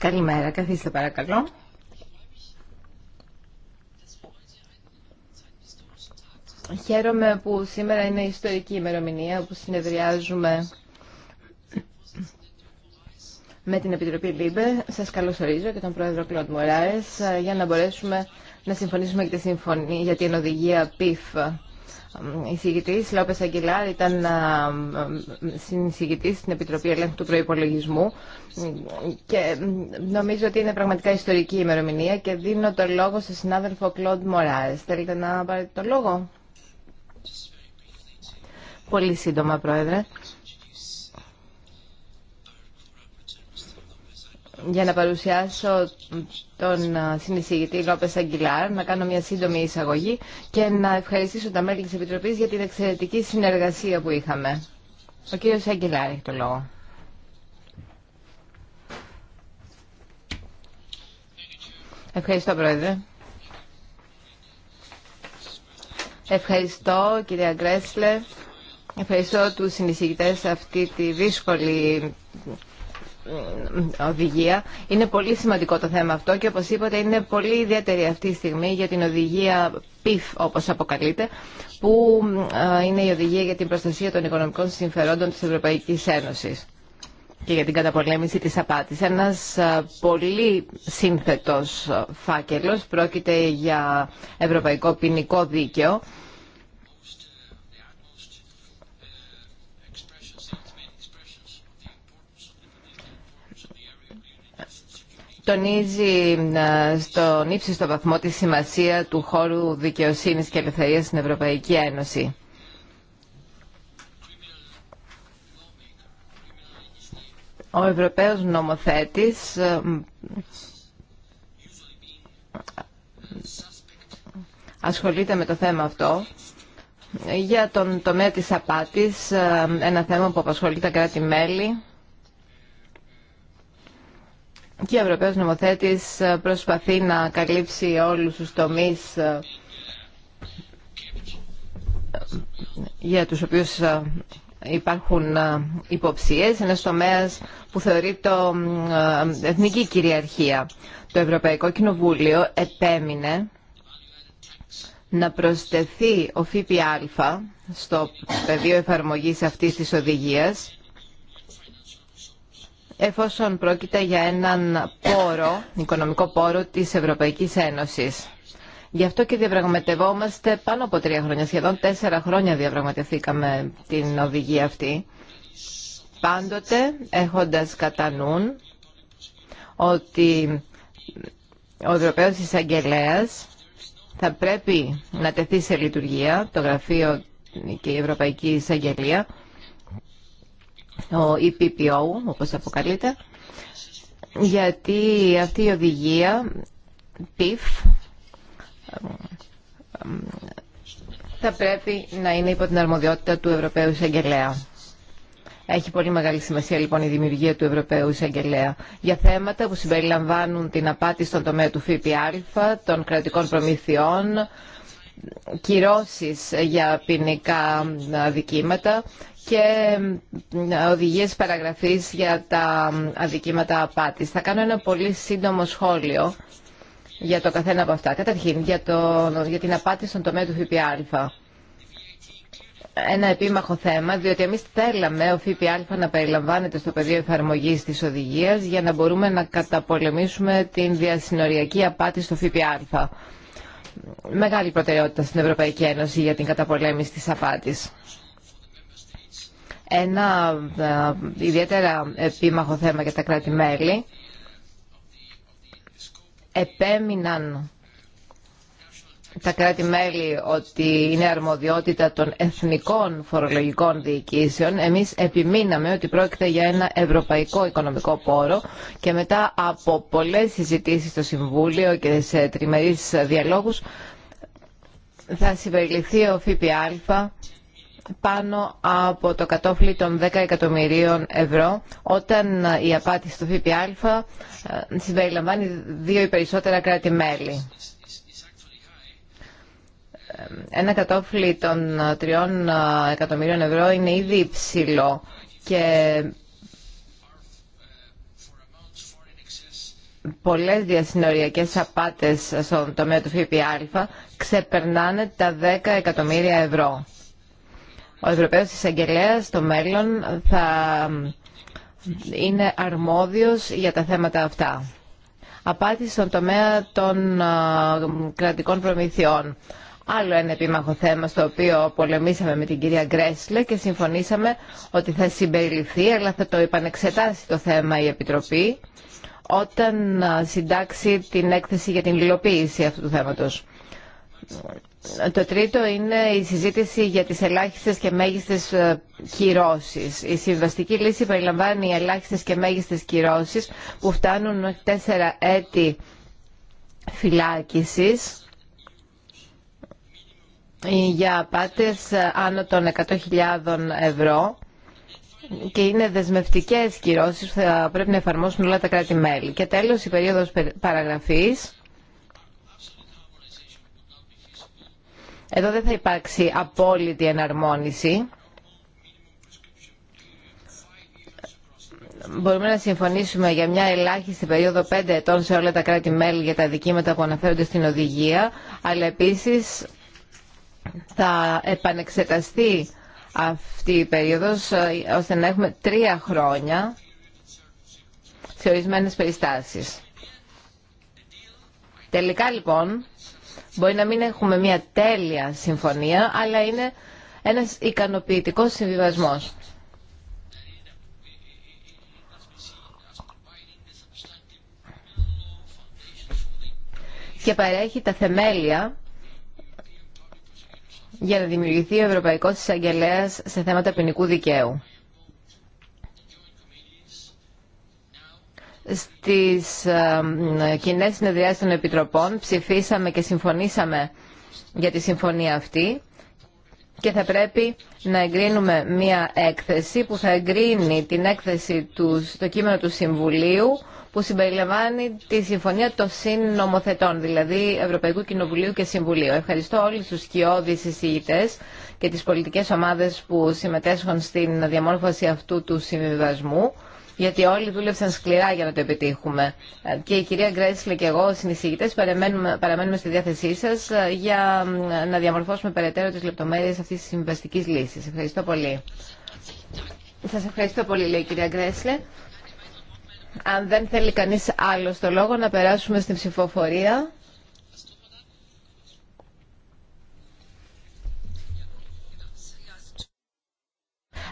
Καλημέρα, καθίστε παρακαλώ. Χαίρομαι που σήμερα είναι η ιστορική ημερομηνία που συνεδριάζουμε με την Επιτροπή ΛΥΜΠΕ. Σας καλωσορίζω και τον Πρόεδρο Κλοντ ε, για να μπορέσουμε να συμφωνήσουμε για τη, συμφωνία, για την οδηγία PIF εισηγητής Λόπε Αγγελάρ ήταν συνεισηγητής στην Επιτροπή Ελέγχου του Προπολογισμού. και νομίζω ότι είναι πραγματικά ιστορική ημερομηνία και δίνω το λόγο στον συνάδελφο Κλοντ Μορά. Θέλετε να πάρετε το λόγο. Πολύ σύντομα, Πρόεδρε. για να παρουσιάσω τον συνεισηγητή Λόπε Αγγιλάρ, να κάνω μια σύντομη εισαγωγή και να ευχαριστήσω τα μέλη της Επιτροπής για την εξαιρετική συνεργασία που είχαμε. Ο κύριος Αγγιλάρ έχει το λόγο. Ευχαριστώ, Πρόεδρε. Ευχαριστώ, κυρία Γκρέσλε. Ευχαριστώ τους συνεισηγητές αυτή τη δύσκολη ε, οδηγία. Είναι πολύ σημαντικό το θέμα αυτό και όπως είπατε είναι πολύ ιδιαίτερη αυτή τη στιγμή για την οδηγία PIF όπως αποκαλείται που ε, είναι η οδηγία για την προστασία των οικονομικών συμφερόντων της Ευρωπαϊκής Ένωσης και για την καταπολέμηση της απάτης. Ένας ε, πολύ σύνθετος φάκελος πρόκειται για ευρωπαϊκό ποινικό δίκαιο τονίζει ε, στον ύψιστο βαθμό τη σημασία του χώρου δικαιοσύνης και ελευθερίας στην Ευρωπαϊκή Ένωση. Ο Ευρωπαίος νομοθέτης ε, ασχολείται με το θέμα αυτό για τον τομέα της απάτης, ε, ένα θέμα που απασχολεί τα κράτη-μέλη και ο Ευρωπαίος Νομοθέτης ε, προσπαθεί να καλύψει όλους τους τομείς ε, για τους οποίους ε, υπάρχουν υποψίες, ένας τομέας που θεωρείται το εθνική κυριαρχία. Το Ευρωπαϊκό Κοινοβούλιο επέμεινε να προσθεθεί ο ΦΠΑ στο πεδίο εφαρμογής αυτής της οδηγίας εφόσον πρόκειται για έναν πόρο, οικονομικό πόρο της Ευρωπαϊκής Ένωσης. Γι' αυτό και διαπραγματευόμαστε πάνω από τρία χρόνια, σχεδόν τέσσερα χρόνια διαπραγματευθήκαμε την οδηγία αυτή. Πάντοτε έχοντας κατά ότι ο Ευρωπαίος εισαγγελέα θα πρέπει να τεθεί σε λειτουργία το γραφείο και η Ευρωπαϊκή Εισαγγελία ο EPPO, όπως αποκαλείται, γιατί αυτή η οδηγία, PIF, θα πρέπει να είναι υπό την αρμοδιότητα του Ευρωπαίου Εισαγγελέα. Έχει πολύ μεγάλη σημασία λοιπόν η δημιουργία του Ευρωπαίου Εισαγγελέα για θέματα που συμπεριλαμβάνουν την απάτη στον τομέα του ΦΠΑ, των κρατικών προμηθειών, κυρώσεις για ποινικά δικήματα και οδηγίες παραγραφής για τα αδικήματα απάτης. Θα κάνω ένα πολύ σύντομο σχόλιο για το καθένα από αυτά. Καταρχήν, για, το, για την απάτη στον τομέα του ΦΠΑ. Ένα επίμαχο θέμα, διότι εμείς θέλαμε ο ΦΠΑ να περιλαμβάνεται στο πεδίο εφαρμογής της οδηγίας για να μπορούμε να καταπολεμήσουμε την διασυνοριακή απάτη στο ΦΠΑ. Μεγάλη προτεραιότητα στην Ευρωπαϊκή Ένωση για την καταπολέμηση της απάτης ένα ε, ιδιαίτερα επίμαχο θέμα για τα κράτη-μέλη. Επέμειναν τα κράτη-μέλη ότι είναι αρμοδιότητα των εθνικών φορολογικών διοικήσεων. Εμείς επιμείναμε ότι πρόκειται για ένα ευρωπαϊκό οικονομικό πόρο και μετά από πολλές συζητήσεις στο Συμβούλιο και σε τριμερείς διαλόγους θα συμπεριληφθεί ο ΦΠΑ πάνω από το κατόφλι των 10 εκατομμυρίων ευρώ όταν ε, η απάτηση του ΦΠΑ ε, συμπεριλαμβάνει δύο ή περισσότερα κράτη-μέλη. Ε, ένα κατόφλι των 3 εκατομμυρίων ευρώ είναι ήδη υψηλό και πολλές διασυνοριακές απάτες στον τομέα του ΦΠΑ ξεπερνάνε τα 10 εκατομμύρια ευρώ ο Ευρωπαίος Εισαγγελέας στο μέλλον θα είναι αρμόδιος για τα θέματα αυτά. Απάτη στον τομέα των κρατικών προμηθειών. Άλλο ένα επίμαχο θέμα στο οποίο πολεμήσαμε με την κυρία Γκρέσλε και συμφωνήσαμε ότι θα συμπεριληφθεί, αλλά θα το επανεξετάσει το θέμα η Επιτροπή όταν συντάξει την έκθεση για την υλοποίηση αυτού του θέματος. Το τρίτο είναι η συζήτηση για τις ελάχιστες και μέγιστες ε, κυρώσεις. Η συμβαστική λύση περιλαμβάνει ελάχιστες και μέγιστες κυρώσεις που φτάνουν τέσσερα έτη φυλάκισης ε, για πάτες ε, άνω των 100.000 ευρώ και είναι δεσμευτικές κυρώσεις που θα πρέπει να εφαρμόσουν όλα τα κράτη-μέλη. Και τέλος η περίοδος παραγραφής Εδώ δεν θα υπάρξει απόλυτη εναρμόνιση. Μπορούμε να συμφωνήσουμε για μια ελάχιστη περίοδο 5 ετών σε όλα τα κράτη-μέλη για τα δικήματα που αναφέρονται στην οδηγία, αλλά επίσης θα επανεξεταστεί αυτή η περίοδος ε, ώστε να έχουμε τρία χρόνια σε ορισμένες περιστάσεις. Τελικά λοιπόν Μπορεί να μην έχουμε μια τέλεια συμφωνία, αλλά είναι ένας ικανοποιητικός συμβιβασμός. Και παρέχει τα θεμέλια για να δημιουργηθεί ο Ευρωπαϊκός Εισαγγελέας σε θέματα ποινικού δικαίου. Στις κοινέ συνεδριάσεις των Επιτροπών ψηφίσαμε και συμφωνήσαμε για τη συμφωνία αυτή και θα πρέπει να εγκρίνουμε μία έκθεση που θα εγκρίνει την έκθεση του, το κείμενο του Συμβουλίου που συμπεριλαμβάνει τη συμφωνία των συνομοθετών, δηλαδή Ευρωπαϊκού Κοινοβουλίου και Συμβουλίου. Ευχαριστώ όλους τους σκιώδεις εισηγητές και τις πολιτικές ομάδες που συμμετέσχουν στην διαμόρφωση αυτού του συμβιβασμού γιατί όλοι δούλευσαν σκληρά για να το επιτύχουμε. Και η κυρία Γκρέσλε και εγώ, συνεισηγητές, παραμένουμε, παραμένουμε στη διάθεσή σας ε, για ε, να διαμορφώσουμε περαιτέρω τις λεπτομέρειες αυτής της συμβαστικής λύσης. Ευχαριστώ πολύ. Σας ευχαριστώ πολύ, λέει η κυρία Γκρέσλε. Αν δεν θέλει κανείς άλλο το λόγο, να περάσουμε στην ψηφοφορία.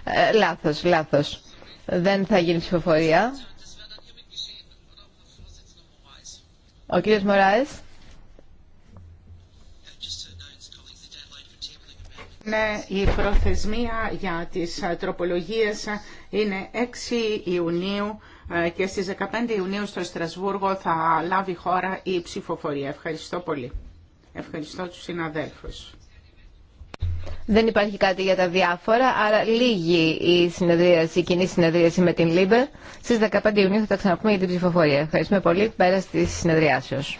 Ε, λάθος, λάθος δεν θα γίνει ψηφοφορία. Ο κύριος Μωράης. Ναι, η προθεσμία για τις ε, τροπολογίες είναι 6 Ιουνίου ε, και στις 15 Ιουνίου στο Στρασβούργο θα λάβει χώρα η ψηφοφορία. Ευχαριστώ πολύ. Ευχαριστώ τους συναδέλφους. Δεν υπάρχει κάτι για τα διάφορα, άρα λίγη η συνεδρίαση, η κοινή συνεδρίαση με την ΛΥΜΠΕ. Στις 15 Ιουνίου θα τα ξαναπούμε για την ψηφοφορία. Ευχαριστούμε πολύ. Πέρα τη συνεδριάσεως.